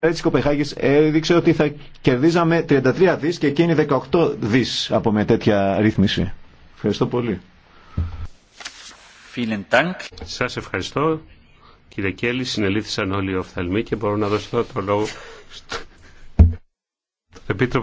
Έτσι Κοπεχάγη έδειξε ότι θα κερδίζαμε 33 δι και εκείνη 18 δι από με τέτοια ρύθμιση. Ευχαριστώ πολύ. Σα ευχαριστώ. Κύριε Κέλλη, συνελήφθησαν όλοι οι οφθαλμοί και μπορώ να δώσω το λόγο στον Επίτροπο